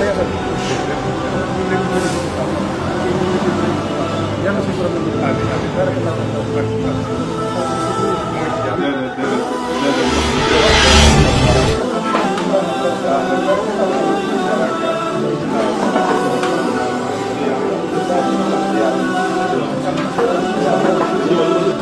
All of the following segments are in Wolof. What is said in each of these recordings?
这个是。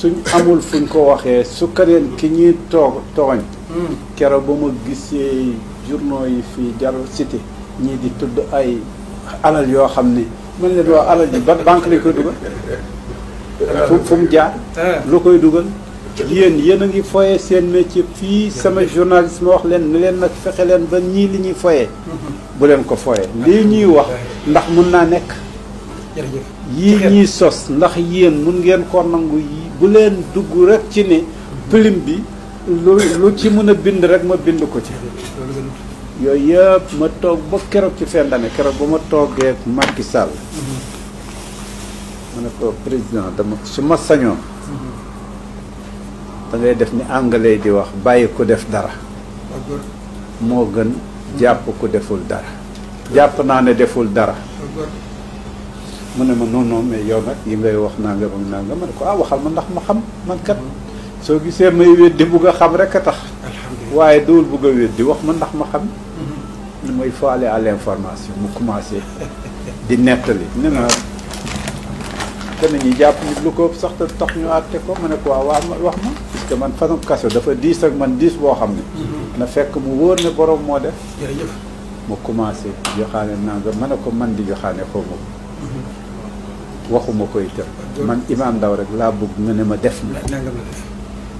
suñ amul fuñ ko waxee su keneen ki ñuy toog tooñ hmm. keroog ba ma gisee journaux yi fii jar cité ñii di tudd ay alal yoo xam ni mën leen waa alal yi ba banque lañ koy dugal fu fu mu jaar eh. lu koy dugal yéen yéen a ngi foyee seen métier fii hmm. sama journaliste ma wax leen ni leen nag fexe leen ba ñii li ñuy fooyee hmm. bu leen ko foyee li ñuy wax ndax mun naa nekk yi ñi sos ndax yeen mën ngeen ko nangu yi bu leen dugg rek ci ne film bi lu lu ci mëna bind rek ma bind ko ci yoy yeb ma tok ba kéro ci fin d'année keroog ba ma toogee Macky Sall mm-hmm. ma ko président dama ci ma sañoo mm-hmm. da ngay def ni anglais di wax bàyyi ko def dara mo gën japp ko deful dara japp na ne deful dara mu ne ma non non mais yow nag yi ngay wax nangam ak nangam ma ne ko ah waxal ma ndax ma xam man kat soo gisee may weddi bugg a xam rek a tax waaye dowul bugg a di wax ma ndax ma xam mhm. ni mooy faale à mu commencé di nettali ne ma dana jàpp lu ko sax te tax ñu àtte ma ne ko waaw wax ma parce que man façon kaso dafa diis ak man diis boo xam ne mhm. na fekk mu wóor ne borom moo def mu commencé joxaane nangam ma ne ko man di joxaane xaw ma waxuma koy tër man Imaam Ndao rek laa bëgg nga ne ma def la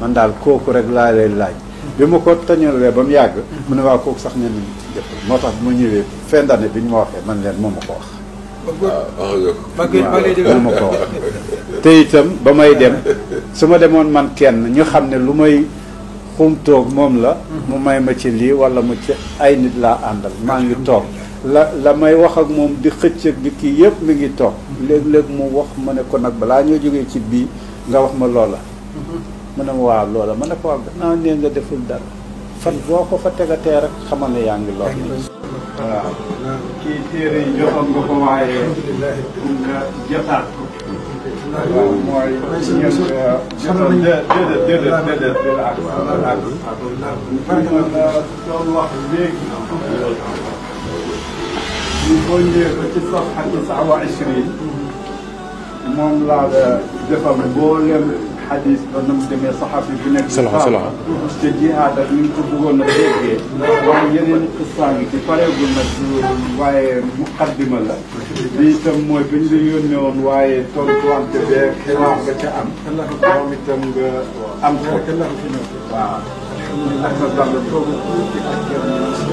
man daal kooku rek laa lay laaj hmm. bi ma ko tañalee ba mu yàgg hmm. mu ne waa kooku sax ne nañ def moo tax bu ma ñëwee fin bi ñu ma waxee man leen moo ma ma ko wax te itam ba may dem su ma demoon man kenn ñu xam ne lu may toog moom la hmm. mu may ma ci lii wala mu ci ay nit laa àndal maa ngi toog la la may wax ak moom di xëcc gi kii yëpp mi ngi toog léeg-léeg mu wax ma ne ko nag balaa ñoo jógee ci bii nga wax ma loola mu ne ma waaw loola ma ne ko waaw gannaaw nee nga deful dara fan boo ko fa tegatee rek xamal ne yaa ngi lool waaw kii téere yi joxoon مؤلفة الصفحة 29 moom laa defar mboolem xadis ba nam demee saxafi bu nekk. salaam salaam te jihaad ak ni ñu ko bëggoon a déggee. waaye yeneen xistaa ngi ci pareegul nag waaye muqaddima la. lii itam mooy bi ñu la yónnee woon waaye tontuwante bee xibaar nga ca am. moom itam nga am ko. waaw. alhamdulilah.